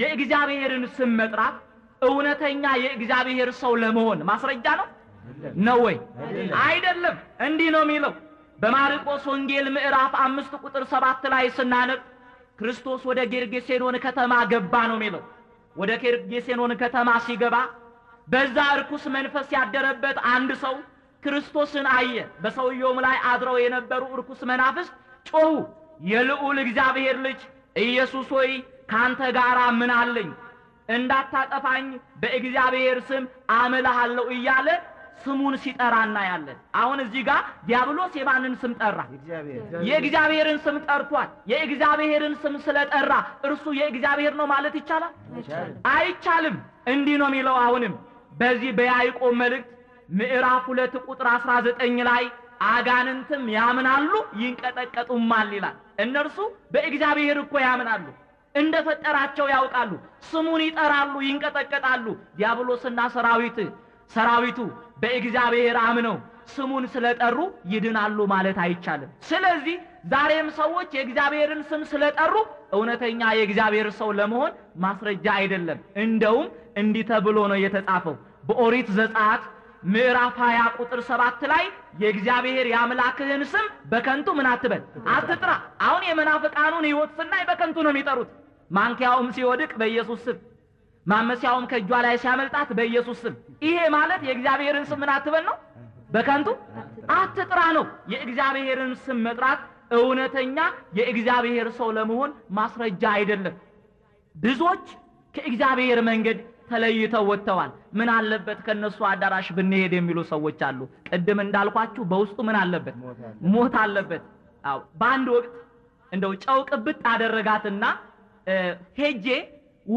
የእግዚአብሔርን ስም መጥራት እውነተኛ የእግዚአብሔር ሰው ለመሆን ማስረጃ ነው ነው ወይ አይደለም እንዲህ ነው የሚለው በማርቆስ ወንጌል ምዕራፍ አምስት ቁጥር ሰባት ላይ ስናነብ ክርስቶስ ወደ ጌርጌሴኖን ከተማ ገባ ነው የሚለው ወደ ጌርጌሴኖን ከተማ ሲገባ በዛ እርኩስ መንፈስ ያደረበት አንድ ሰው ክርስቶስን አየ በሰውየውም ላይ አድረው የነበሩ እርኩስ መናፍስት ጮሁ የልዑል እግዚአብሔር ልጅ ኢየሱስ ሆይ ካንተ ጋር ምን አለኝ እንዳታጠፋኝ በእግዚአብሔር ስም አምልሃለሁ እያለ ስሙን ሲጠራ እናያለን አሁን እዚህ ጋር ዲያብሎስ የማንን ስም ጠራ የእግዚአብሔርን ስም ጠርቷል የእግዚአብሔርን ስም ስለጠራ እርሱ የእግዚአብሔር ነው ማለት ይቻላል አይቻልም እንዲህ ነው የሚለው አሁንም በዚህ በያዕቆብ መልእክት ምዕራፍ ሁለት ቁጥር አስራ ዘጠኝ ላይ አጋንንትም ያምናሉ ይንቀጠቀጡማል ይላል እነርሱ በእግዚአብሔር እኮ ያምናሉ እንደፈጠራቸው ያውቃሉ ስሙን ይጠራሉ ይንቀጠቀጣሉ ዲያብሎስና ሰራዊት ሰራዊቱ በእግዚአብሔር አምነው ስሙን ስለጠሩ ይድናሉ ማለት አይቻልም ስለዚህ ዛሬም ሰዎች የእግዚአብሔርን ስም ስለጠሩ እውነተኛ የእግዚአብሔር ሰው ለመሆን ማስረጃ አይደለም እንደውም እንዲህ ተብሎ ነው የተጻፈው በኦሪት ዘጻት ምዕራፍ 20 ቁጥር 7 ላይ የእግዚአብሔር የአምላክህን ስም በከንቱ ምን አትበል አትጥራ አሁን የመናፍቃኑን ህይወት ስናይ በከንቱ ነው የሚጠሩት ማንኪያውም ሲወድቅ በኢየሱስ ስም፣ ማመሲያውም ከእጇ ላይ ሲያመልጣት በኢየሱስ ስም። ይሄ ማለት የእግዚአብሔርን ስም ምን አትበል ነው፣ በከንቱ አትጥራ ነው። የእግዚአብሔርን ስም መጥራት እውነተኛ የእግዚአብሔር ሰው ለመሆን ማስረጃ አይደለም። ብዙዎች ከእግዚአብሔር መንገድ ተለይተው ወጥተዋል። ምን አለበት ከነሱ አዳራሽ ብንሄድ የሚሉ ሰዎች አሉ። ቅድም እንዳልኳችሁ በውስጡ ምን አለበት? ሞት አለበት። አዎ፣ በአንድ ወቅት እንደው ጨው ቅብጥ አደረጋትና ሄጄ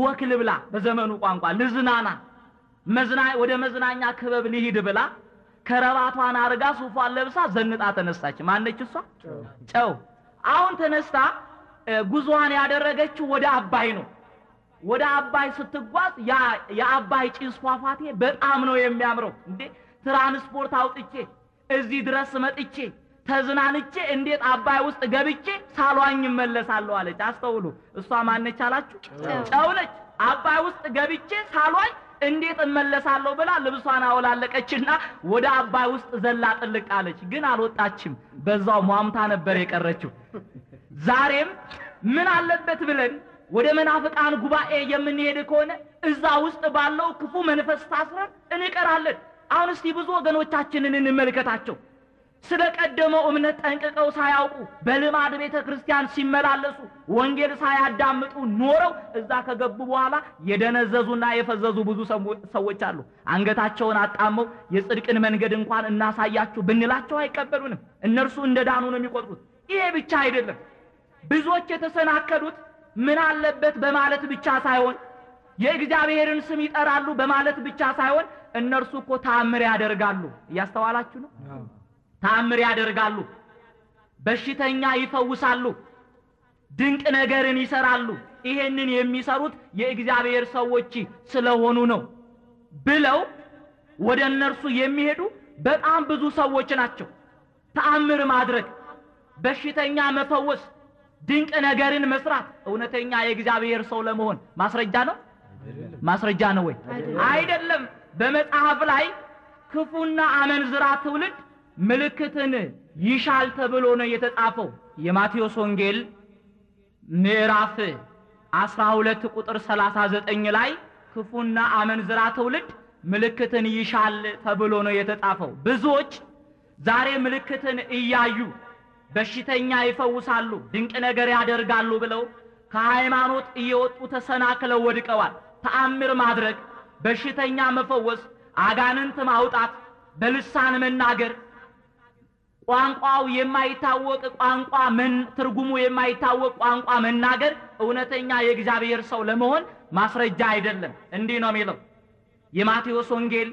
ወክ ልብላ፣ በዘመኑ ቋንቋ ልዝናና፣ ወደ መዝናኛ ክበብ ልሂድ ብላ ከረባቷን አርጋ ሱፏን ለብሳ ዘንጣ ተነሳች። ማነች እሷ? ጨው። አሁን ተነስታ ጉዞዋን ያደረገችው ወደ አባይ ነው። ወደ አባይ ስትጓዝ የአባይ ጭስ ፏፏቴ በጣም ነው የሚያምረው። እንዴ ትራንስፖርት አውጥቼ እዚህ ድረስ መጥቼ ተዝናንቼ እንዴት አባይ ውስጥ ገብቼ ሳሏኝ እመለሳለሁ አለች። አስተውሉ። እሷ ማነች አላችሁ? ጨው ነች። አባይ ውስጥ ገብቼ ሳሏኝ እንዴት እመለሳለሁ ብላ ልብሷን አወላለቀችና ወደ አባይ ውስጥ ዘላ ጥልቅ አለች። ግን አልወጣችም፣ በዛው ሟምታ ነበር የቀረችው። ዛሬም ምን አለበት ብለን ወደ መናፍቃን ጉባኤ የምንሄድ ከሆነ እዛ ውስጥ ባለው ክፉ መንፈስ ታስረን እንቀራለን። አሁን እስቲ ብዙ ወገኖቻችንን እንመልከታቸው። ስለ ቀደመው እምነት ጠንቅቀው ሳያውቁ በልማድ ቤተ ክርስቲያን ሲመላለሱ ወንጌል ሳያዳምጡ ኖረው እዛ ከገቡ በኋላ የደነዘዙና የፈዘዙ ብዙ ሰዎች አሉ። አንገታቸውን አጣመው የጽድቅን መንገድ እንኳን እናሳያችሁ ብንላቸው አይቀበሉንም። እነርሱ እንደ ዳኑ ነው የሚቆጥሩት። ይሄ ብቻ አይደለም። ብዙዎች የተሰናከሉት ምን አለበት በማለት ብቻ ሳይሆን የእግዚአብሔርን ስም ይጠራሉ በማለት ብቻ ሳይሆን እነርሱ እኮ ታምር ያደርጋሉ። እያስተዋላችሁ ነው። ታምር ያደርጋሉ በሽተኛ ይፈውሳሉ ድንቅ ነገርን ይሰራሉ ይሄንን የሚሰሩት የእግዚአብሔር ሰዎች ስለሆኑ ነው ብለው ወደ እነርሱ የሚሄዱ በጣም ብዙ ሰዎች ናቸው ተአምር ማድረግ በሽተኛ መፈወስ ድንቅ ነገርን መስራት እውነተኛ የእግዚአብሔር ሰው ለመሆን ማስረጃ ነው ማስረጃ ነው ወይ አይደለም በመጽሐፍ ላይ ክፉና አመንዝራ ትውልድ ምልክትን ይሻል ተብሎ ነው የተጻፈው። የማቴዎስ ወንጌል ምዕራፍ 12 ቁጥር 39 ላይ ክፉና አመንዝራ ትውልድ ምልክትን ይሻል ተብሎ ነው የተጻፈው። ብዙዎች ዛሬ ምልክትን እያዩ በሽተኛ ይፈውሳሉ፣ ድንቅ ነገር ያደርጋሉ ብለው ከሃይማኖት እየወጡ ተሰናክለው ወድቀዋል። ተአምር ማድረግ፣ በሽተኛ መፈወስ፣ አጋንንት ማውጣት፣ በልሳን መናገር ቋንቋው የማይታወቅ ቋንቋ ምን ትርጉሙ የማይታወቅ ቋንቋ መናገር እውነተኛ የእግዚአብሔር ሰው ለመሆን ማስረጃ አይደለም እንዲህ ነው የሚለው የማቴዎስ ወንጌል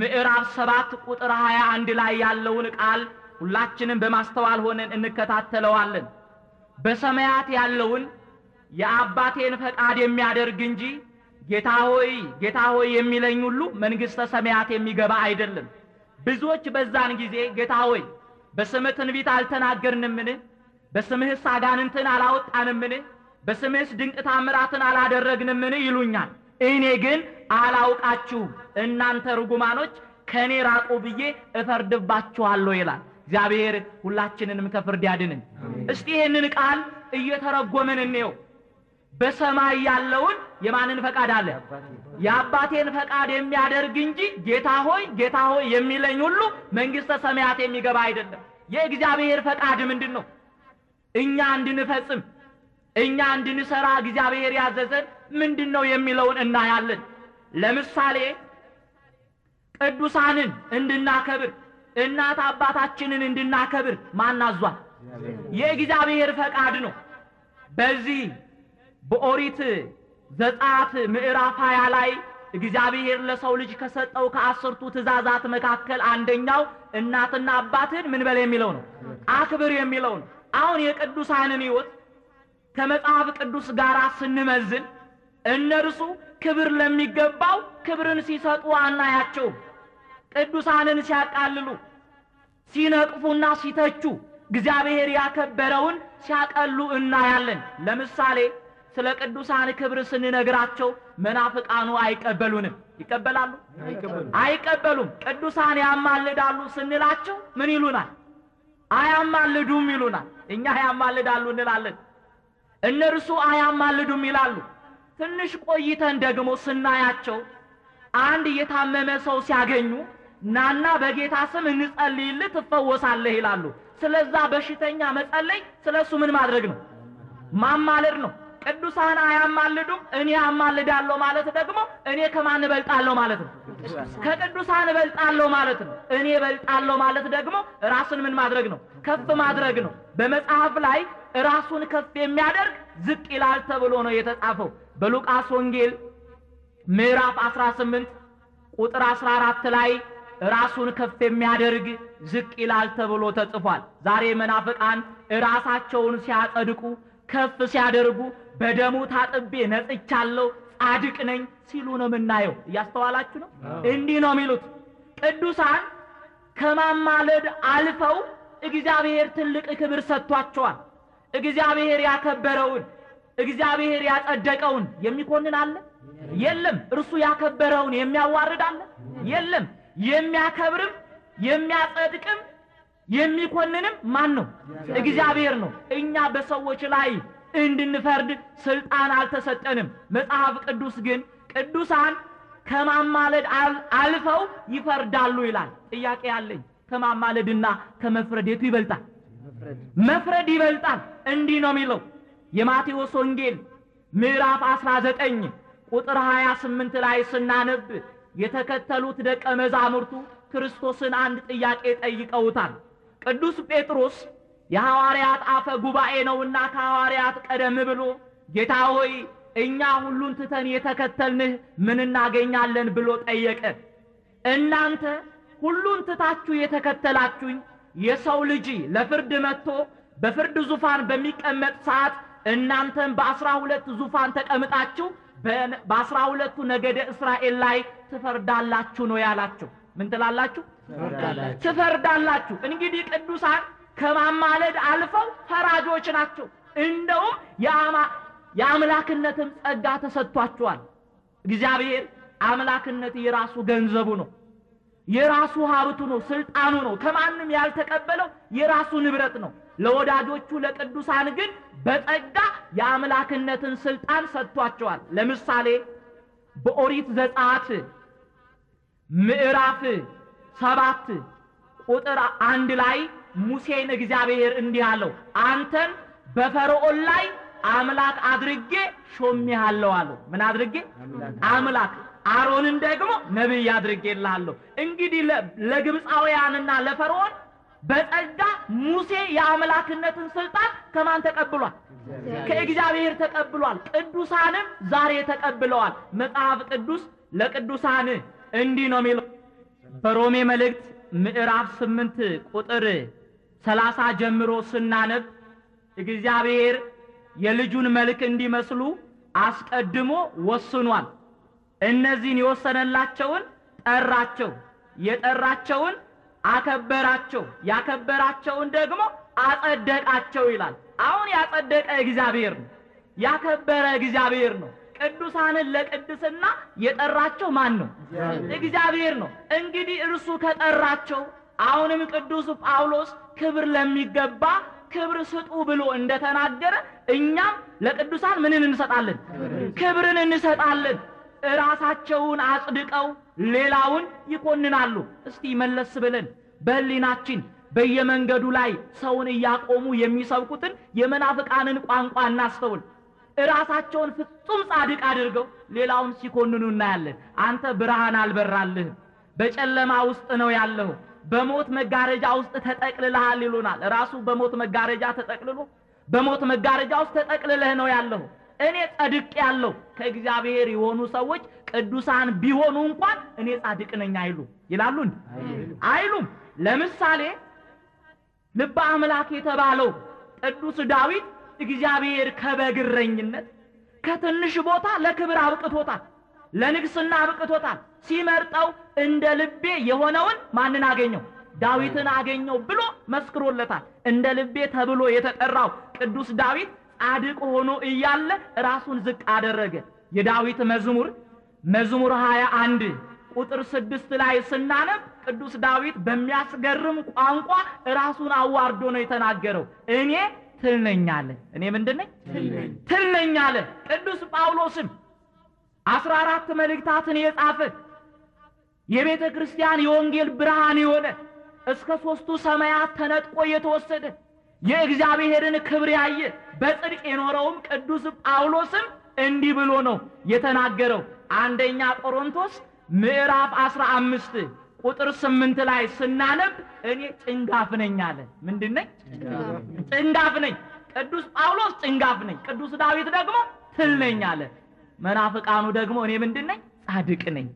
ምዕራፍ ሰባት ቁጥር አንድ ላይ ያለውን ቃል ሁላችንም በማስተዋል ሆነን እንከታተለዋለን በሰማያት ያለውን የአባቴን ፈቃድ የሚያደርግ እንጂ ጌታ ሆይ ጌታ ሆይ የሚለኝ ሁሉ መንግሥተ ሰማያት የሚገባ አይደለም ብዙዎች በዛን ጊዜ ጌታ ሆይ በስምህ ትንቢት አልተናገርንምን? በስምህስ አጋንንትን አላወጣንምን? በስምህስ ድንቅ ታምራትን አላደረግንምን? ይሉኛል። እኔ ግን አላውቃችሁም፣ እናንተ ርጉማኖች ከእኔ ራቁ ብዬ እፈርድባችኋለሁ ይላል። እግዚአብሔር ሁላችንንም ከፍርድ ያድንን። እስቲ ይህንን ቃል እየተረጎምን እንየው። በሰማይ ያለውን የማንን ፈቃድ አለ? የአባቴን ፈቃድ የሚያደርግ እንጂ ጌታ ሆይ ጌታ ሆይ የሚለኝ ሁሉ መንግሥተ ሰማያት የሚገባ አይደለም። የእግዚአብሔር ፈቃድ ምንድን ነው? እኛ እንድንፈጽም እኛ እንድንሰራ እግዚአብሔር ያዘዘን ምንድን ነው የሚለውን እናያለን። ለምሳሌ ቅዱሳንን እንድናከብር እናት አባታችንን እንድናከብር ማናዟል? የእግዚአብሔር ፈቃድ ነው። በዚህ በኦሪት ዘጸአት ምዕራፍ 20 ላይ እግዚአብሔር ለሰው ልጅ ከሰጠው ከአስርቱ ትእዛዛት መካከል አንደኛው እናትና አባትን ምን በል የሚለው ነው፣ አክብር የሚለው ነው። አሁን የቅዱሳንን ሕይወት ከመጽሐፍ ቅዱስ ጋር ስንመዝን እነርሱ ክብር ለሚገባው ክብርን ሲሰጡ አናያቸውም። ቅዱሳንን ሲያቃልሉ፣ ሲነቅፉና ሲተቹ እግዚአብሔር ያከበረውን ሲያቀሉ እናያለን። ለምሳሌ ስለ ቅዱሳን ክብር ስንነግራቸው መናፍቃኑ አይቀበሉንም ይቀበላሉ አይቀበሉም ቅዱሳን ያማልዳሉ ስንላቸው ምን ይሉናል አያማልዱም ይሉናል እኛ ያማልዳሉ እንላለን እነርሱ አያማልዱም ይላሉ ትንሽ ቆይተን ደግሞ ስናያቸው አንድ የታመመ ሰው ሲያገኙ ናና በጌታ ስም እንጸልይልህ ትፈወሳለህ ይላሉ ስለዛ በሽተኛ መጸለይ ስለሱ ምን ማድረግ ነው ማማለድ ነው ቅዱሳን አያማልዱም እኔ አማልዳለሁ ማለት ደግሞ እኔ ከማን እበልጣለሁ ማለት ነው ከቅዱሳን እበልጣለሁ ማለት ነው እኔ እበልጣለሁ ማለት ደግሞ ራስን ምን ማድረግ ነው ከፍ ማድረግ ነው በመጽሐፍ ላይ ራሱን ከፍ የሚያደርግ ዝቅ ይላል ተብሎ ነው የተጻፈው በሉቃስ ወንጌል ምዕራፍ 18 ቁጥር 14 ላይ ራሱን ከፍ የሚያደርግ ዝቅ ይላል ተብሎ ተጽፏል ዛሬ መናፍቃን ራሳቸውን ሲያጸድቁ ከፍ ሲያደርጉ በደሙ ታጥቤ ነጽቻለሁ፣ ጻድቅ ነኝ ሲሉ ነው የምናየው። እያስተዋላችሁ ነው። እንዲህ ነው የሚሉት ቅዱሳን ከማማለድ አልፈው እግዚአብሔር ትልቅ ክብር ሰጥቷቸዋል። እግዚአብሔር ያከበረውን እግዚአብሔር ያጸደቀውን የሚኮንን አለ? የለም። እርሱ ያከበረውን የሚያዋርድ አለ? የለም። የሚያከብርም የሚያጸድቅም የሚኮንንም ማን ነው? እግዚአብሔር ነው። እኛ በሰዎች ላይ እንድንፈርድ ስልጣን አልተሰጠንም። መጽሐፍ ቅዱስ ግን ቅዱሳን ከማማለድ አልፈው ይፈርዳሉ ይላል። ጥያቄ ያለኝ ከማማለድና ከመፍረድ የቱ ይበልጣል? መፍረድ ይበልጣል። እንዲህ ነው የሚለው የማቴዎስ ወንጌል ምዕራፍ 19 ቁጥር 28 ላይ ስናነብ የተከተሉት ደቀ መዛሙርቱ ክርስቶስን አንድ ጥያቄ ጠይቀውታል። ቅዱስ ጴጥሮስ የሐዋርያት አፈ ጉባኤ ነውና ከሐዋርያት ቀደም ብሎ ጌታ ሆይ እኛ ሁሉን ትተን የተከተልንህ ምን እናገኛለን ብሎ ጠየቀ። እናንተ ሁሉን ትታችሁ የተከተላችሁኝ የሰው ልጅ ለፍርድ መጥቶ በፍርድ ዙፋን በሚቀመጥ ሰዓት እናንተም በአስራ ሁለት ዙፋን ተቀምጣችሁ በአስራ ሁለቱ ነገደ እስራኤል ላይ ትፈርዳላችሁ ነው ያላችሁ። ምን ትላላችሁ? ትፈርዳላችሁ። እንግዲህ ቅዱሳን ከማማለድ አልፈው ፈራጆች ናቸው እንደውም የአምላክነትም ጸጋ ተሰጥቷቸዋል እግዚአብሔር አምላክነት የራሱ ገንዘቡ ነው የራሱ ሀብቱ ነው ስልጣኑ ነው ከማንም ያልተቀበለው የራሱ ንብረት ነው ለወዳጆቹ ለቅዱሳን ግን በጸጋ የአምላክነትን ስልጣን ሰጥቷቸዋል ለምሳሌ በኦሪት ዘጻት ምዕራፍ ሰባት ቁጥር አንድ ላይ ሙሴን እግዚአብሔር እንዲህ አለው፣ አንተን በፈርዖን ላይ አምላክ አድርጌ ሾሜሃለሁ አለው። ምን አድርጌ? አምላክ። አሮንን ደግሞ ነብይ አድርጌልሃለሁ። እንግዲህ ለግብፃውያንና ለፈርዖን በጸጋ ሙሴ የአምላክነትን ስልጣን ከማን ተቀብሏል? ከእግዚአብሔር ተቀብሏል። ቅዱሳንም ዛሬ ተቀብለዋል። መጽሐፍ ቅዱስ ለቅዱሳን እንዲህ ነው የሚለው በሮሜ መልእክት ምዕራፍ ስምንት ቁጥር ሰላሳ ጀምሮ ስናነብ እግዚአብሔር የልጁን መልክ እንዲመስሉ አስቀድሞ ወስኗል። እነዚህን የወሰነላቸውን ጠራቸው፣ የጠራቸውን አከበራቸው፣ ያከበራቸውን ደግሞ አጸደቃቸው ይላል። አሁን ያጸደቀ እግዚአብሔር ነው፣ ያከበረ እግዚአብሔር ነው። ቅዱሳንን ለቅድስና የጠራቸው ማን ነው? እግዚአብሔር ነው። እንግዲህ እርሱ ከጠራቸው አሁንም ቅዱስ ጳውሎስ ክብር ለሚገባ ክብር ስጡ ብሎ እንደተናገረ እኛም ለቅዱሳን ምንን እንሰጣለን? ክብርን እንሰጣለን። እራሳቸውን አጽድቀው ሌላውን ይኮንናሉ። እስቲ መለስ ብለን በህሊናችን በየመንገዱ ላይ ሰውን እያቆሙ የሚሰብኩትን የመናፍቃንን ቋንቋ እናስተውል። እራሳቸውን ፍጹም ጻድቅ አድርገው ሌላውን ሲኮንኑ እናያለን። አንተ ብርሃን አልበራልህም፣ በጨለማ ውስጥ ነው ያለሁ በሞት መጋረጃ ውስጥ ተጠቅልልሃል ይሉናል። ራሱ በሞት መጋረጃ ተጠቅልሎ በሞት መጋረጃ ውስጥ ተጠቅልለህ ነው ያለው። እኔ ጸድቅ ያለው ከእግዚአብሔር የሆኑ ሰዎች ቅዱሳን ቢሆኑ እንኳን እኔ ጻድቅ ነኝ አይሉ ይላሉ አይሉም። ለምሳሌ ልበ አምላክ የተባለው ቅዱስ ዳዊት እግዚአብሔር ከበግረኝነት ከትንሽ ቦታ ለክብር አብቅቶታል። ለንግስና አብቅቶታል ሲመርጠው እንደ ልቤ የሆነውን ማንን አገኘው ዳዊትን አገኘው ብሎ መስክሮለታል እንደ ልቤ ተብሎ የተጠራው ቅዱስ ዳዊት ጻድቅ ሆኖ እያለ ራሱን ዝቅ አደረገ የዳዊት መዝሙር መዝሙር 21 ቁጥር ስድስት ላይ ስናነብ ቅዱስ ዳዊት በሚያስገርም ቋንቋ ራሱን አዋርዶ ነው የተናገረው እኔ ትልነኛለ እኔ ምንድነኝ ትልነኛለ ቅዱስ ጳውሎስም አስራ አራት መልእክታትን የጻፈ የቤተ ክርስቲያን የወንጌል ብርሃን የሆነ እስከ ሦስቱ ሰማያት ተነጥቆ የተወሰደ የእግዚአብሔርን ክብር ያየ በጽድቅ የኖረውም ቅዱስ ጳውሎስም እንዲህ ብሎ ነው የተናገረው። አንደኛ ቆሮንቶስ ምዕራፍ አስራ አምስት ቁጥር ስምንት ላይ ስናነብ እኔ ጭንጋፍ ነኝ አለ። ምንድን ነኝ? ጭንጋፍ ነኝ። ቅዱስ ጳውሎስ ጭንጋፍ ነኝ፣ ቅዱስ ዳዊት ደግሞ ትል ነኝ አለ። መናፍቃኑ ደግሞ እኔ ምንድን ነኝ? ጻድቅ ነኝ።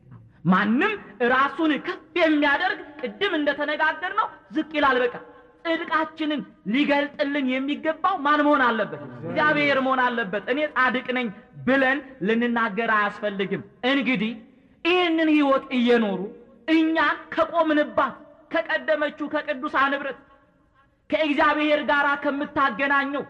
ማንም ራሱን ከፍ የሚያደርግ ቅድም እንደተነጋገር ነው ዝቅ ይላል። በቃ ጽድቃችንን ሊገልጥልን የሚገባው ማን መሆን አለበት? እግዚአብሔር መሆን አለበት። እኔ ጻድቅ ነኝ ብለን ልንናገር አያስፈልግም። እንግዲህ ይህንን ህይወት እየኖሩ እኛን ከቆምንባት ከቀደመችው ከቅዱሳን ህብረት ከእግዚአብሔር ጋር ከምታገናኘው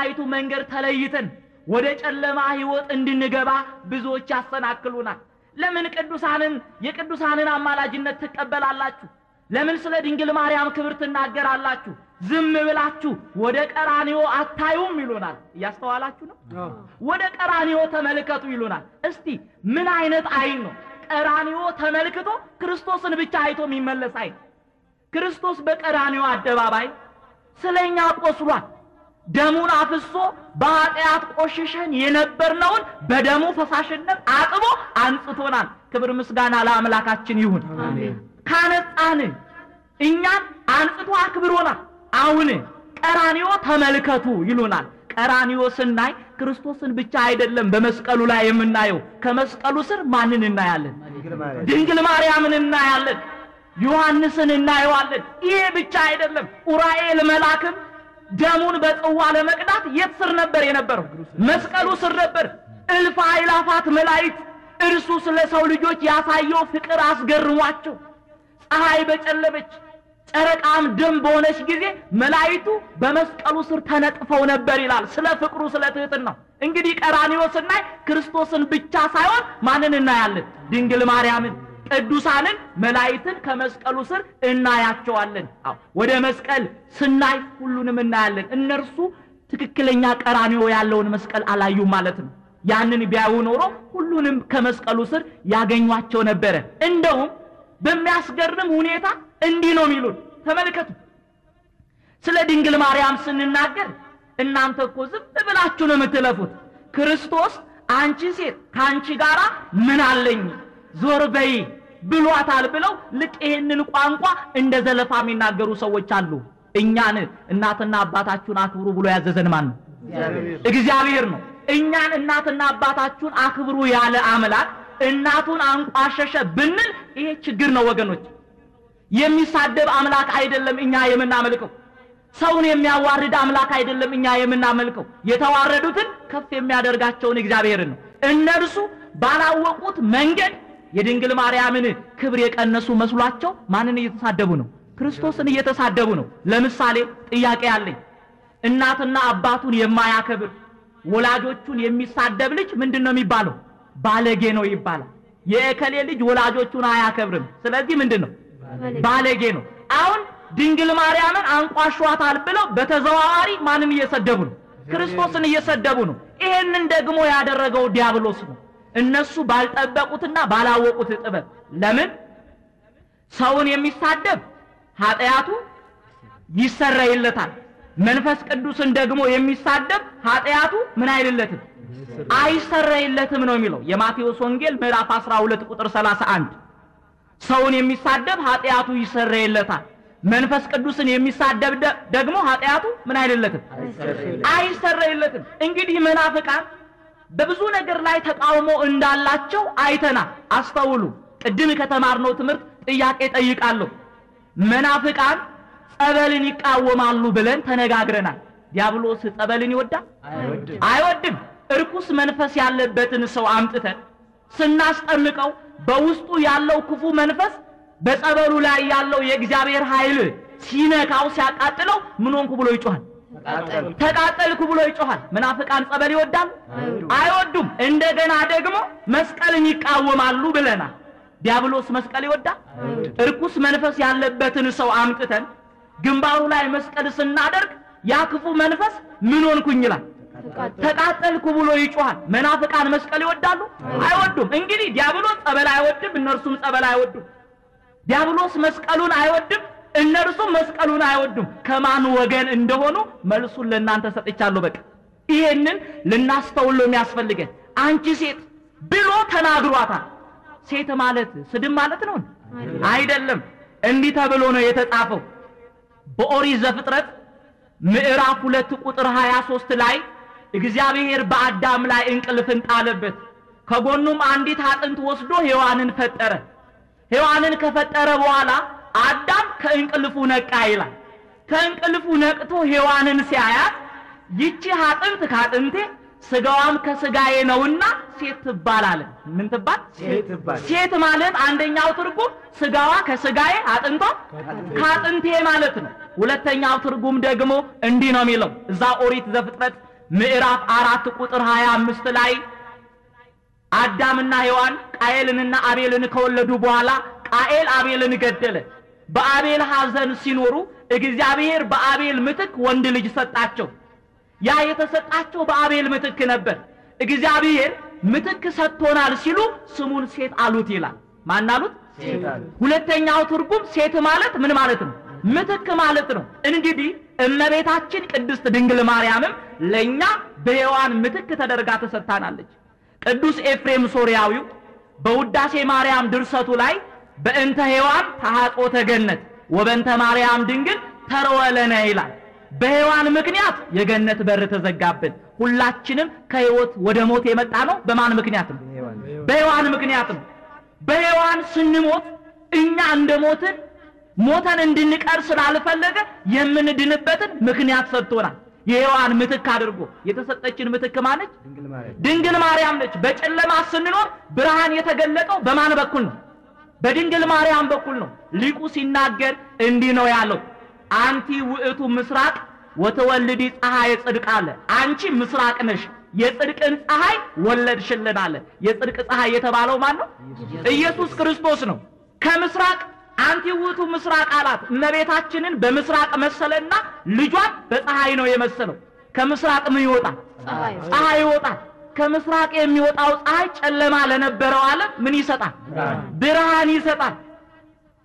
አይቱ መንገድ ተለይተን ወደ ጨለማ ህይወት እንድንገባ ብዙዎች ያሰናክሉናል። ለምን ቅዱሳንን የቅዱሳንን አማላጅነት ትቀበላላችሁ? ለምን ስለ ድንግል ማርያም ክብር ትናገራላችሁ? ዝም ብላችሁ ወደ ቀራኒዮ አታዩም ይሉናል። እያስተዋላችሁ ነው። ወደ ቀራኒዮ ተመልከቱ ይሉናል። እስቲ ምን አይነት አይን ነው ቀራኒዮ ተመልክቶ ክርስቶስን ብቻ አይቶ የሚመለስ አይን? ክርስቶስ በቀራኒዮ አደባባይ ስለኛ ቆስሏል። ደሙን አፍሶ በኃጢአት ቆሽሸን የነበርነውን በደሙ ፈሳሽነት አጥቦ አንጽቶናል። ክብር ምስጋና ለአምላካችን ይሁን። ካነጻን እኛን አንጽቶ አክብሮናል። አሁን ቀራኒዮ ተመልከቱ ይሉናል። ቀራኒዮ ስናይ ክርስቶስን ብቻ አይደለም በመስቀሉ ላይ የምናየው። ከመስቀሉ ስር ማንን እናያለን? ድንግል ማርያምን እናያለን። ዮሐንስን እናየዋለን። ይሄ ብቻ አይደለም። ኡራኤል መልአክም ደሙን በጽዋ ለመቅዳት የት ስር ነበር የነበረው? መስቀሉ ስር ነበር። እልፍ አይላፋት መላይት እርሱ ስለ ሰው ልጆች ያሳየው ፍቅር አስገርሟቸው፣ ፀሐይ በጨለመች ጨረቃም ደም በሆነች ጊዜ መላይቱ በመስቀሉ ስር ተነጥፈው ነበር ይላል። ስለ ፍቅሩ፣ ስለ ትህትናው። እንግዲህ ቀራንዮ ስናይ ክርስቶስን ብቻ ሳይሆን ማንን እናያለን? ድንግል ማርያምን ቅዱሳንን መላይትን ከመስቀሉ ስር እናያቸዋለን። ወደ መስቀል ስናይ ሁሉንም እናያለን። እነርሱ ትክክለኛ ቀራንዮ ያለውን መስቀል አላዩም ማለት ነው። ያንን ቢያዩ ኖሮ ሁሉንም ከመስቀሉ ስር ያገኟቸው ነበረ። እንደውም በሚያስገርም ሁኔታ እንዲህ ነው የሚሉን። ተመልከቱ። ስለ ድንግል ማርያም ስንናገር እናንተ እኮ ዝም ብላችሁ ነው የምትለፉት። ክርስቶስ አንቺ ሴት ከአንቺ ጋራ ምን አለኝ ዞር በይ ብሏታል ብለው ልቅ ይህንን ቋንቋ እንደ ዘለፋ የሚናገሩ ሰዎች አሉ እኛን እናትና አባታችሁን አክብሩ ብሎ ያዘዘን ማን ነው እግዚአብሔር ነው እኛን እናትና አባታችሁን አክብሩ ያለ አምላክ እናቱን አንቋሸሸ ብንል ይሄ ችግር ነው ወገኖች የሚሳደብ አምላክ አይደለም እኛ የምናመልከው ሰውን የሚያዋርድ አምላክ አይደለም እኛ የምናመልከው የተዋረዱትን ከፍ የሚያደርጋቸውን እግዚአብሔርን ነው እነርሱ ባላወቁት መንገድ የድንግል ማርያምን ክብር የቀነሱ መስሏቸው ማንን እየተሳደቡ ነው? ክርስቶስን እየተሳደቡ ነው። ለምሳሌ ጥያቄ ያለኝ እናትና አባቱን የማያከብር ወላጆቹን የሚሳደብ ልጅ ምንድን ነው የሚባለው? ባለጌ ነው ይባላል። የእከሌ ልጅ ወላጆቹን አያከብርም፣ ስለዚህ ምንድን ነው? ባለጌ ነው። አሁን ድንግል ማርያምን አንቋሿታል ብለው በተዘዋዋሪ ማንን እየሰደቡ ነው? ክርስቶስን እየሰደቡ ነው። ይሄንን ደግሞ ያደረገው ዲያብሎስ ነው። እነሱ ባልጠበቁትና ባላወቁት ጥበብ ለምን ሰውን የሚሳደብ ኃጢአቱ ይሰረይለታል መንፈስ ቅዱስን ደግሞ የሚሳደብ ኃጢአቱ ምን አይልለትም አይሰረይለትም ነው የሚለው የማቴዎስ ወንጌል ምዕራፍ 12 ቁጥር 31 ሰውን የሚሳደብ ኃጢአቱ ይሰረይለታል መንፈስ ቅዱስን የሚሳደብ ደግሞ ኃጢአቱ ምን አይልለትም አይሰረይለትም እንግዲህ መናፍቃን በብዙ ነገር ላይ ተቃውሞ እንዳላቸው አይተናል። አስተውሉ። ቅድም ከተማርነው ትምህርት ጥያቄ ጠይቃለሁ። መናፍቃን ጸበልን ይቃወማሉ ብለን ተነጋግረናል። ዲያብሎስ ጸበልን ይወዳል? አይወድም። እርኩስ መንፈስ ያለበትን ሰው አምጥተን ስናስጠምቀው በውስጡ ያለው ክፉ መንፈስ በጸበሉ ላይ ያለው የእግዚአብሔር ኃይል ሲነካው ሲያቃጥለው ምን ሆንኩ ብሎ ይጮሃል። ተቃጠልኩ ብሎ ይጮሃል። ምናፍቃን ጸበል ይወዳል አይወዱም። እንደገና ደግሞ መስቀልን ይቃወማሉ ብለና ዲያብሎስ መስቀል ይወዳል። እርኩስ መንፈስ ያለበትን ሰው አምጥተን ግንባሩ ላይ መስቀል ስናደርግ ያ ክፉ መንፈስ ምን ሆንኩኝ ይላል። ተቃጠልኩ ብሎ ይጮሃል። መናፍቃን መስቀል ይወዳሉ አይወዱም። እንግዲህ ዲያብሎስ ጸበል አይወድም፣ እነርሱም ጸበል አይወዱም። ዲያብሎስ መስቀሉን አይወድም፣ እነርሱ መስቀሉን አይወዱም ከማን ወገን እንደሆኑ መልሱን ለእናንተ ሰጥቻለሁ በቃ ይሄንን ልናስተውሎ ነው የሚያስፈልገን አንቺ ሴት ብሎ ተናግሯታል ሴት ማለት ስድብ ማለት ነው አይደለም እንዲህ ተብሎ ነው የተጻፈው በኦሪት ዘፍጥረት ምዕራፍ ሁለት ቁጥር 23 ላይ እግዚአብሔር በአዳም ላይ እንቅልፍን ጣለበት ከጎኑም አንዲት አጥንት ወስዶ ሔዋንን ፈጠረ ሔዋንን ከፈጠረ በኋላ አዳም ከእንቅልፉ ነቃ ይላል ከእንቅልፉ ነቅቶ ሔዋንን ሲያያት ይቺ አጥንት ካጥንቴ ስጋዋም ከስጋዬ ነውና ሴት ትባላለ ምን ትባል ሴት ማለት አንደኛው ትርጉም ስጋዋ ከስጋዬ አጥንቷ ካጥንቴ ማለት ነው ሁለተኛው ትርጉም ደግሞ እንዲህ ነው የሚለው እዛ ኦሪት ዘፍጥረት ምዕራፍ አራት ቁጥር ሀያ አምስት ላይ አዳምና ሔዋን ቃኤልንና አቤልን ከወለዱ በኋላ ቃኤል አቤልን ገደለ በአቤል ሐዘን ሲኖሩ እግዚአብሔር በአቤል ምትክ ወንድ ልጅ ሰጣቸው ያ የተሰጣቸው በአቤል ምትክ ነበር እግዚአብሔር ምትክ ሰጥቶናል ሲሉ ስሙን ሴት አሉት ይላል ማን አሉት ሁለተኛው ትርጉም ሴት ማለት ምን ማለት ነው ምትክ ማለት ነው እንግዲህ እመቤታችን ቅድስት ድንግል ማርያምም ለእኛ በሔዋን ምትክ ተደርጋ ተሰጥታናለች ቅዱስ ኤፍሬም ሶርያዊው በውዳሴ ማርያም ድርሰቱ ላይ በእንተ ሔዋን ታሃጦተ ተገነት ወበእንተ ማርያም ድንግል ተረወለነ ይላል በሔዋን ምክንያት የገነት በር ተዘጋብን ሁላችንም ከህይወት ወደ ሞት የመጣ ነው በማን ምክንያት ነው በሔዋን ምክንያት በሔዋን ስንሞት እኛ እንደ ሞትን ሞተን እንድንቀር ስላልፈለገ የምንድንበትን ምክንያት ሰጥቶናል የሔዋን ምትክ አድርጎ የተሰጠችን ምትክ ማነች ድንግል ማርያም ነች በጨለማ ስንኖር ብርሃን የተገለጠው በማን በኩል ነው በድንግል ማርያም በኩል ነው ሊቁ ሲናገር እንዲህ ነው ያለው አንቲ ውእቱ ምስራቅ ወተወልዲ ፀሐይ ጽድቅ አለ አንቺ ምስራቅ ነሽ የጽድቅን ፀሐይ ወለድሽልን አለ የጽድቅ ፀሐይ የተባለው ማን ነው ኢየሱስ ክርስቶስ ነው ከምስራቅ አንቲ ውእቱ ምስራቅ አላት እመቤታችንን በምስራቅ መሰለና ልጇን በፀሐይ ነው የመሰለው ከምስራቅ ምን ይወጣል ፀሐይ ይወጣል ከምስራቅ የሚወጣው ፀሐይ ጨለማ ለነበረው ዓለም ምን ይሰጣል? ብርሃን ይሰጣል።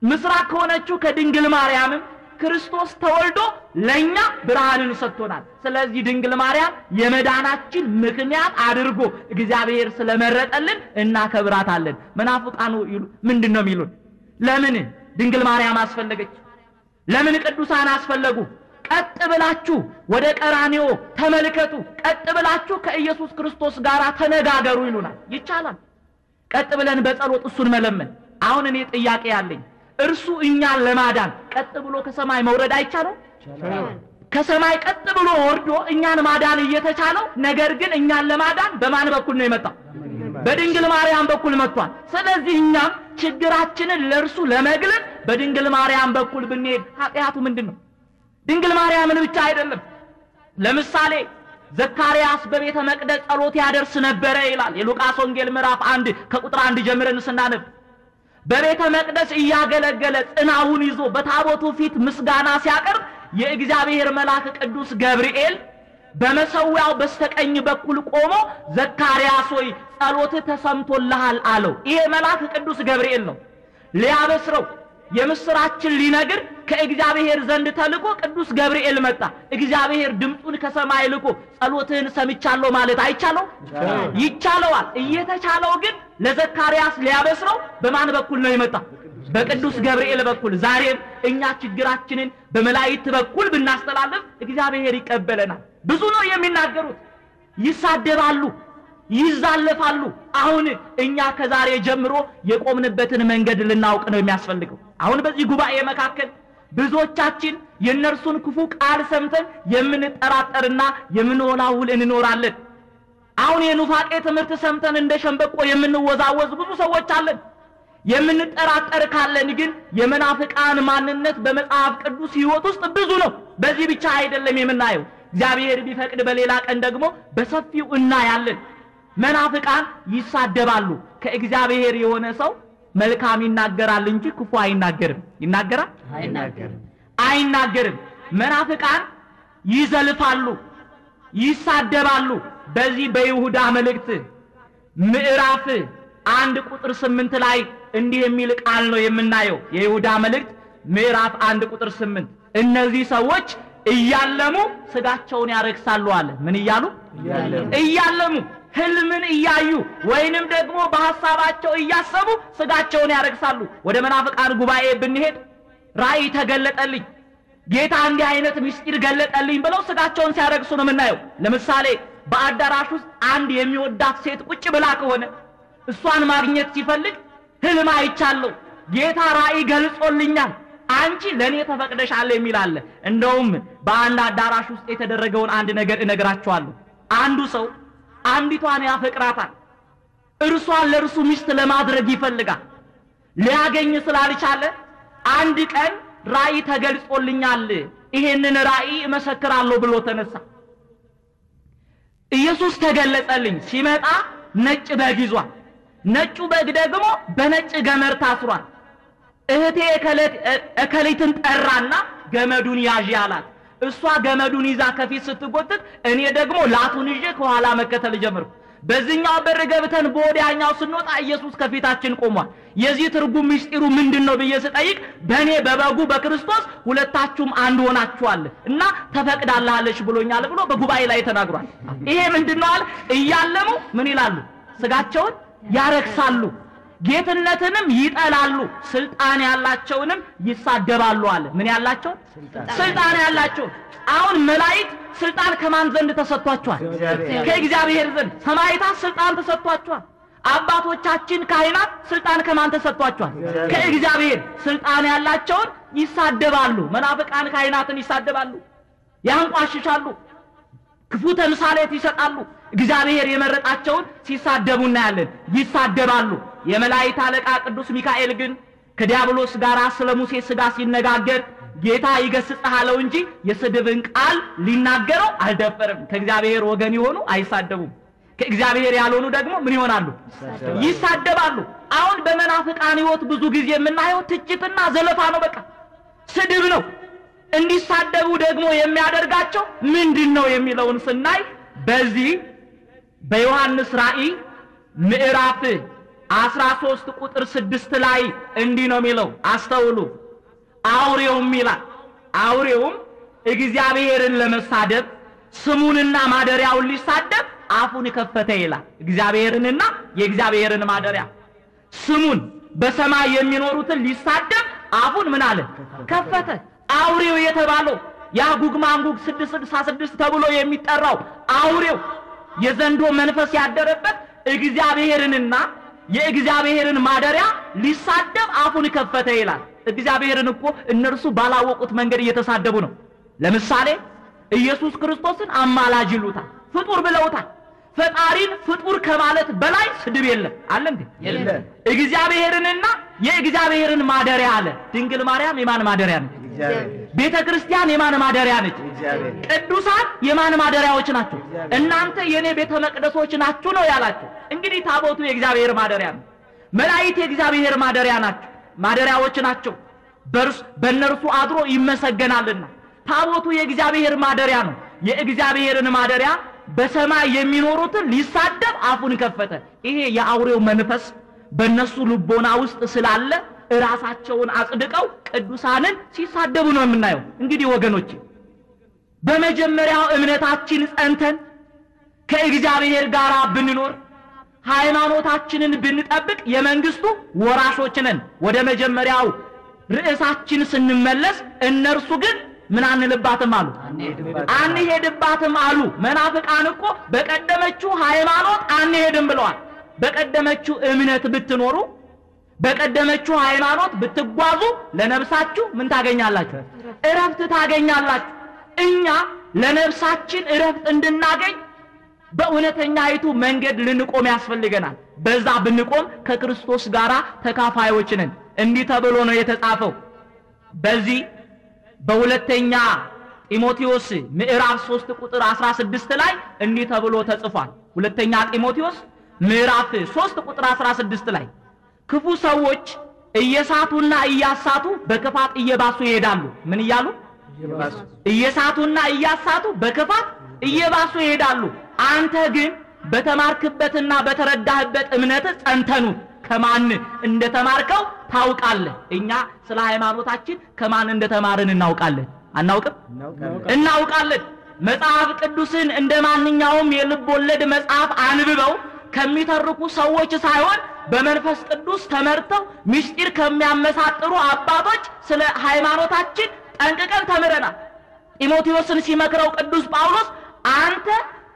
ምስራቅ ከሆነችው ከድንግል ማርያምም ክርስቶስ ተወልዶ ለእኛ ብርሃንን ሰጥቶናል። ስለዚህ ድንግል ማርያም የመዳናችን ምክንያት አድርጎ እግዚአብሔር ስለመረጠልን እናከብራታለን። መናፍቃኑ ምንድን ነው የሚሉን? ለምን ድንግል ማርያም አስፈለገች? ለምን ቅዱሳን አስፈለጉ? ቀጥ ብላችሁ ወደ ቀራኔዎ ተመልከቱ፣ ቀጥ ብላችሁ ከኢየሱስ ክርስቶስ ጋር ተነጋገሩ ይሉናል። ይቻላል። ቀጥ ብለን በጸሎት እሱን መለመን። አሁን እኔ ጥያቄ ያለኝ እርሱ እኛን ለማዳን ቀጥ ብሎ ከሰማይ መውረድ አይቻለው? ከሰማይ ቀጥ ብሎ ወርዶ እኛን ማዳን እየተቻለው፣ ነገር ግን እኛን ለማዳን በማን በኩል ነው የመጣው? በድንግል ማርያም በኩል መጥቷል። ስለዚህ እኛም ችግራችንን ለእርሱ ለመግለጽ በድንግል ማርያም በኩል ብንሄድ ኃጢአቱ ምንድን ነው? ድንግል ማርያምን ብቻ አይደለም ለምሳሌ ዘካርያስ በቤተ መቅደስ ጸሎት ያደርስ ነበረ ይላል የሉቃስ ወንጌል ምዕራፍ አንድ ከቁጥር አንድ ጀምረን ስናነብ በቤተ መቅደስ እያገለገለ ጽናውን ይዞ በታቦቱ ፊት ምስጋና ሲያቀርብ የእግዚአብሔር መልአክ ቅዱስ ገብርኤል በመሰዊያው በስተቀኝ በኩል ቆሞ ዘካርያስ ሆይ ጸሎት ተሰምቶልሃል አለው ይሄ መልአክ ቅዱስ ገብርኤል ነው ሊያበስረው የምስራችን ሊነግር ከእግዚአብሔር ዘንድ ተልኮ ቅዱስ ገብርኤል መጣ። እግዚአብሔር ድምፁን ከሰማይ ልኮ ጸሎትህን ሰምቻለሁ ማለት አይቻለው? ይቻለዋል። እየተቻለው ግን ለዘካርያስ ሊያበስረው በማን በኩል ነው የመጣ? በቅዱስ ገብርኤል በኩል። ዛሬም እኛ ችግራችንን በመላእክት በኩል ብናስተላልፍ እግዚአብሔር ይቀበለናል። ብዙ ነው የሚናገሩት፣ ይሳደባሉ፣ ይዛለፋሉ። አሁን እኛ ከዛሬ ጀምሮ የቆምንበትን መንገድ ልናውቅ ነው የሚያስፈልገው። አሁን በዚህ ጉባኤ መካከል ብዙዎቻችን የእነርሱን ክፉ ቃል ሰምተን የምንጠራጠርና የምንወላውል እንኖራለን። አሁን የኑፋቄ ትምህርት ሰምተን እንደ ሸንበቆ የምንወዛወዝ ብዙ ሰዎች አለን። የምንጠራጠር ካለን ግን የመናፍቃን ማንነት በመጽሐፍ ቅዱስ ሕይወት ውስጥ ብዙ ነው። በዚህ ብቻ አይደለም የምናየው። እግዚአብሔር ቢፈቅድ በሌላ ቀን ደግሞ በሰፊው እናያለን። መናፍቃን ይሳደባሉ። ከእግዚአብሔር የሆነ ሰው መልካም ይናገራል እንጂ ክፉ አይናገርም። ይናገራል አይናገርም። መናፍቃን ይዘልፋሉ፣ ይሳደባሉ። በዚህ በይሁዳ መልእክት ምዕራፍ አንድ ቁጥር ስምንት ላይ እንዲህ የሚል ቃል ነው የምናየው። የይሁዳ መልእክት ምዕራፍ አንድ ቁጥር ስምንት እነዚህ ሰዎች እያለሙ ስጋቸውን ያረክሳሉ አለ። ምን እያሉ እያለሙ ህልምን እያዩ ወይንም ደግሞ በሐሳባቸው እያሰቡ ስጋቸውን ያረግሳሉ ወደ መናፍቃን ጉባኤ ብንሄድ ራእይ ተገለጠልኝ ጌታ እንዲህ አይነት ምስጢር ገለጠልኝ ብለው ስጋቸውን ሲያረግሱ ነው የምናየው ለምሳሌ በአዳራሽ ውስጥ አንድ የሚወዳት ሴት ቁጭ ብላ ከሆነ እሷን ማግኘት ሲፈልግ ህልም አይቻለሁ ጌታ ራእይ ገልጾልኛል አንቺ ለእኔ ተፈቅደሻለ የሚል አለ እንደውም በአንድ አዳራሽ ውስጥ የተደረገውን አንድ ነገር እነግራችኋለሁ አንዱ ሰው አንዲቷን ያፈቅራታል እርሷን ለእርሱ ሚስት ለማድረግ ይፈልጋል ሊያገኝ ስላልቻለ አንድ ቀን ራእይ ተገልጾልኛል ይሄንን ራእይ እመሰክራለሁ ብሎ ተነሳ ኢየሱስ ተገለጸልኝ ሲመጣ ነጭ በግ ይዟል ነጩ በግ ደግሞ በነጭ ገመድ ታስሯል እህቴ እከሊትን ጠራና ገመዱን ያዥ አላት እሷ ገመዱን ይዛ ከፊት ስትጎትት እኔ ደግሞ ላቱን ይዤ ከኋላ መከተል ጀመርኩ በዚህኛው በር ገብተን በወዲያኛው ስንወጣ ኢየሱስ ከፊታችን ቆሟል የዚህ ትርጉም ምስጢሩ ምንድን ነው ብዬ ስጠይቅ በእኔ በበጉ በክርስቶስ ሁለታችሁም አንድ ሆናችኋል እና ተፈቅዳልሃለች ብሎኛል ብሎ በጉባኤ ላይ ተናግሯል ይሄ ምንድን ነው አለ እያለሙ ምን ይላሉ ስጋቸውን ያረክሳሉ ጌትነትንም ይጠላሉ፣ ስልጣን ያላቸውንም ይሳደባሉ አለ። ምን ያላቸው? ስልጣን ያላቸው። አሁን መላይት ስልጣን ከማን ዘንድ ተሰጥቷቸዋል? ከእግዚአብሔር ዘንድ። ሰማይታት ስልጣን ተሰጥቷቸዋል። አባቶቻችን ካህናት ስልጣን ከማን ተሰጥቷቸዋል? ከእግዚአብሔር። ስልጣን ያላቸውን ይሳደባሉ። መናፍቃን ካህናትን ይሳደባሉ፣ ያንቋሽሻሉ፣ ክፉ ተምሳሌት ይሰጣሉ። እግዚአብሔር የመረጣቸውን ሲሳደቡ እናያለን፣ ይሳደባሉ። የመላእክት አለቃ ቅዱስ ሚካኤል ግን ከዲያብሎስ ጋር ስለ ሙሴ ስጋ ሲነጋገር ጌታ ይገስጽሃለው እንጂ የስድብን ቃል ሊናገረው አልደፈርም። ከእግዚአብሔር ወገን የሆኑ አይሳደቡም፣ ከእግዚአብሔር ያልሆኑ ደግሞ ምን ይሆናሉ? ይሳደባሉ። አሁን በመናፍቃን ህይወት ብዙ ጊዜ የምናየው ትችትና ዘለፋ ነው። በቃ ስድብ ነው። እንዲሳደቡ ደግሞ የሚያደርጋቸው ምንድን ነው የሚለውን ስናይ በዚህ በዮሐንስ ራእይ ምዕራፍ አስራ ሶስት ቁጥር ስድስት ላይ እንዲህ ነው የሚለው አስተውሉ አውሬውም ይላል አውሬውም እግዚአብሔርን ለመሳደብ ስሙንና ማደሪያውን ሊሳደብ አፉን ከፈተ ይላል እግዚአብሔርንና የእግዚአብሔርን ማደሪያ ስሙን በሰማይ የሚኖሩትን ሊሳደብ አፉን ምን አለ ከፈተ አውሬው የተባለው ያ ጉግማንጉግ ስድስት ስድሳ ስድስት ተብሎ የሚጠራው አውሬው የዘንዶ መንፈስ ያደረበት እግዚአብሔርንና የእግዚአብሔርን ማደሪያ ሊሳደብ አፉን ከፈተ ይላል። እግዚአብሔርን እኮ እነርሱ ባላወቁት መንገድ እየተሳደቡ ነው። ለምሳሌ ኢየሱስ ክርስቶስን አማላጅ ይሉታል፣ ፍጡር ብለውታል። ፈጣሪን ፍጡር ከማለት በላይ ስድብ የለም አለ እንዴ? እግዚአብሔርንና የእግዚአብሔርን ማደሪያ አለ። ድንግል ማርያም የማን ማደሪያ ነው? ቤተ ክርስቲያን የማን ማደሪያ ነች? ቅዱሳን የማን ማደሪያዎች ናቸው? እናንተ የእኔ ቤተ መቅደሶች ናችሁ ነው ያላቸው። እንግዲህ ታቦቱ የእግዚአብሔር ማደሪያ ነው። መላእክት የእግዚአብሔር ማደሪያ ናቸው፣ ማደሪያዎች ናቸው። በእነርሱ አድሮ ይመሰገናልና ታቦቱ የእግዚአብሔር ማደሪያ ነው። የእግዚአብሔርን ማደሪያ በሰማይ የሚኖሩትን ሊሳደብ አፉን ከፈተ። ይሄ የአውሬው መንፈስ በእነሱ ልቦና ውስጥ ስላለ ራሳቸውን አጽድቀው ቅዱሳንን ሲሳደቡ ነው የምናየው እንግዲህ ወገኖች በመጀመሪያው እምነታችን ጸንተን ከእግዚአብሔር ጋር ብንኖር ሃይማኖታችንን ብንጠብቅ የመንግስቱ ወራሾች ነን ወደ መጀመሪያው ርዕሳችን ስንመለስ እነርሱ ግን ምን አንልባትም አሉ አንሄድባትም አሉ መናፍቃን እኮ በቀደመችው ሃይማኖት አንሄድም ብለዋል በቀደመችው እምነት ብትኖሩ በቀደመችው ሃይማኖት ብትጓዙ ለነብሳችሁ ምን ታገኛላችሁ? እረፍት ታገኛላችሁ። እኛ ለነብሳችን እረፍት እንድናገኝ በእውነተኛ አይቱ መንገድ ልንቆም ያስፈልገናል። በዛ ብንቆም ከክርስቶስ ጋር ተካፋዮች ነን። እንዲህ ተብሎ ነው የተጻፈው በዚህ በሁለተኛ ጢሞቴዎስ ምዕራፍ 3 ቁጥር 16 ላይ እንዲህ ተብሎ ተጽፏል። ሁለተኛ ጢሞቴዎስ ምዕራፍ 3 ቁጥር 16 ላይ ክፉ ሰዎች እየሳቱና እያሳቱ በክፋት እየባሱ ይሄዳሉ። ምን እያሉ? እየሳቱና እያሳቱ በክፋት እየባሱ ይሄዳሉ። አንተ ግን በተማርክበትና በተረዳህበት እምነት ጸንተኑ ከማን እንደተማርከው ታውቃለህ። እኛ ስለ ሃይማኖታችን ከማን እንደተማርን እናውቃለን። አናውቅም? እናውቃለን። መጽሐፍ ቅዱስን እንደ ማንኛውም የልብ ወለድ መጽሐፍ አንብበው ከሚተርኩ ሰዎች ሳይሆን በመንፈስ ቅዱስ ተመርተው ምስጢር ከሚያመሳጥሩ አባቶች ስለ ሃይማኖታችን ጠንቅቀን ተምረናል። ጢሞቴዎስን ሲመክረው ቅዱስ ጳውሎስ አንተ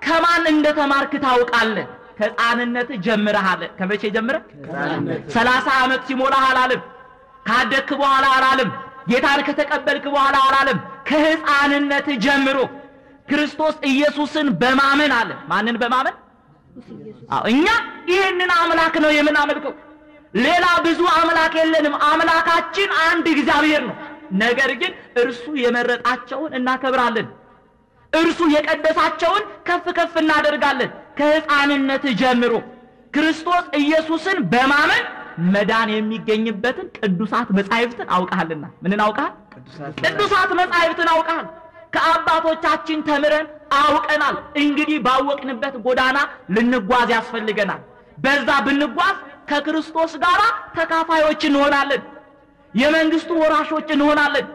ከማን እንደተማርክ ታውቃለህ፣ ከሕፃንነት ጀምረሃል። ከመቼ ጀምረ? ሰላሳ ዓመት ሲሞላህ አላለም። ካደግክ በኋላ አላለም። ጌታን ከተቀበልክ በኋላ አላለም። ከሕፃንነት ጀምሮ ክርስቶስ ኢየሱስን በማመን አለ። ማንን በማመን እኛ ይህንን አምላክ ነው የምናመልከው ሌላ ብዙ አምላክ የለንም አምላካችን አንድ እግዚአብሔር ነው ነገር ግን እርሱ የመረጣቸውን እናከብራለን እርሱ የቀደሳቸውን ከፍ ከፍ እናደርጋለን ከህፃንነት ጀምሮ ክርስቶስ ኢየሱስን በማመን መዳን የሚገኝበትን ቅዱሳት መጻሕፍትን አውቃልና ምንን አውቃል ቅዱሳት መጻሕፍትን አውቃል ከአባቶቻችን ተምረን አውቀናል። እንግዲህ ባወቅንበት ጎዳና ልንጓዝ ያስፈልገናል። በዛ ብንጓዝ ከክርስቶስ ጋር ተካፋዮች እንሆናለን። የመንግስቱ ወራሾች እንሆናለን።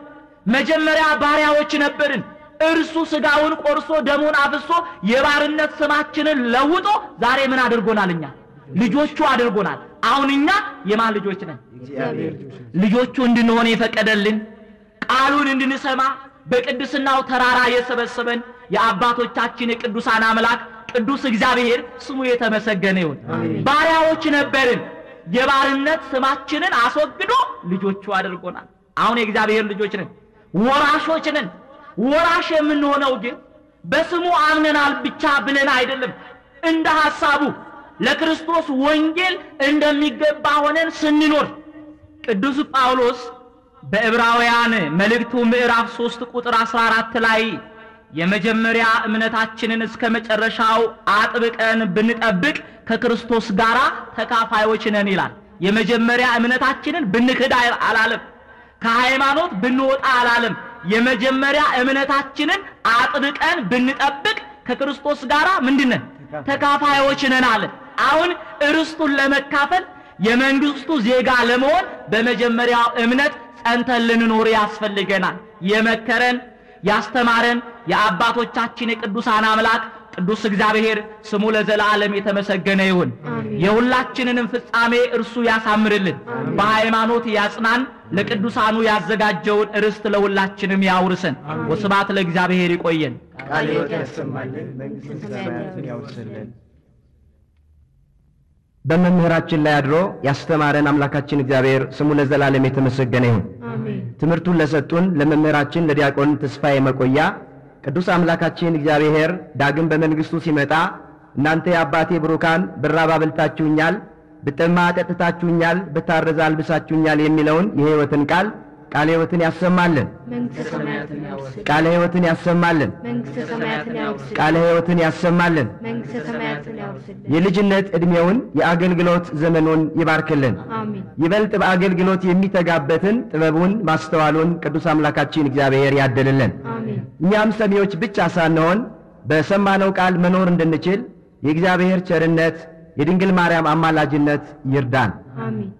መጀመሪያ ባሪያዎች ነበርን። እርሱ ስጋውን ቆርሶ ደሙን አፍሶ የባርነት ስማችንን ለውጦ ዛሬ ምን አድርጎናል? እኛ ልጆቹ አድርጎናል። አሁን እኛ የማን ልጆች ነን? ልጆቹ እንድንሆን የፈቀደልን ቃሉን እንድንሰማ በቅድስናው ተራራ የሰበሰበን የአባቶቻችን የቅዱሳን አምላክ ቅዱስ እግዚአብሔር ስሙ የተመሰገነ ይሁን። ባሪያዎች ነበርን። የባርነት ስማችንን አስወግዶ ልጆቹ አድርጎናል። አሁን የእግዚአብሔር ልጆች ነን፣ ወራሾች ነን። ወራሽ የምንሆነው ግን በስሙ አምነናል ብቻ ብለን አይደለም። እንደ ሐሳቡ ለክርስቶስ ወንጌል እንደሚገባ ሆነን ስንኖር ቅዱስ ጳውሎስ በዕብራውያን መልእክቱ ምዕራፍ 3 ቁጥር 14 ላይ የመጀመሪያ እምነታችንን እስከ መጨረሻው አጥብቀን ብንጠብቅ ከክርስቶስ ጋር ተካፋዮች ነን ይላል። የመጀመሪያ እምነታችንን ብንክድ አላለም። ከሃይማኖት ብንወጣ አላለም። የመጀመሪያ እምነታችንን አጥብቀን ብንጠብቅ ከክርስቶስ ጋር ምንድነን ተካፋዮች ነን አለ። አሁን እርስቱን ለመካፈል የመንግስቱ ዜጋ ለመሆን በመጀመሪያው እምነት ጸንተን ልንኖር ያስፈልገናል የመከረን ያስተማረን የአባቶቻችን የቅዱሳን አምላክ ቅዱስ እግዚአብሔር ስሙ ለዘላለም የተመሰገነ ይሁን። የሁላችንንም ፍጻሜ እርሱ ያሳምርልን፣ በሃይማኖት ያጽናን፣ ለቅዱሳኑ ያዘጋጀውን ርስት ለሁላችንም ያውርስን። ወስብሐት ለእግዚአብሔር። ይቆየን። ቃል ያሰማልን፣ መንግሥተ ሰማያትን በመምህራችን ላይ አድሮ ያስተማረን አምላካችን እግዚአብሔር ስሙ ለዘላለም የተመሰገነ ይሁን። ትምህርቱን ለሰጡን ለመምህራችን ለዲያቆን ተስፋዬ መቆያ ቅዱስ አምላካችን እግዚአብሔር ዳግም በመንግሥቱ ሲመጣ እናንተ የአባቴ ብሩካን ብራብ አብልታችሁኛል፣ ብጠማ አጠጥታችሁኛል፣ ብታረዛ አልብሳችሁኛል የሚለውን የሕይወትን ቃል ቃለ ሕይወትን ያሰማልን። ቃለ ሕይወትን ያሰማልን። ቃለ ሕይወትን ያሰማልን። የልጅነት ዕድሜውን የአገልግሎት ዘመኑን ይባርክልን። ይበልጥ በአገልግሎት የሚተጋበትን ጥበቡን፣ ማስተዋሉን ቅዱስ አምላካችን እግዚአብሔር ያደልልን። እኛም ሰሚዎች ብቻ ሳንሆን በሰማነው ቃል መኖር እንድንችል የእግዚአብሔር ቸርነት፣ የድንግል ማርያም አማላጅነት ይርዳን።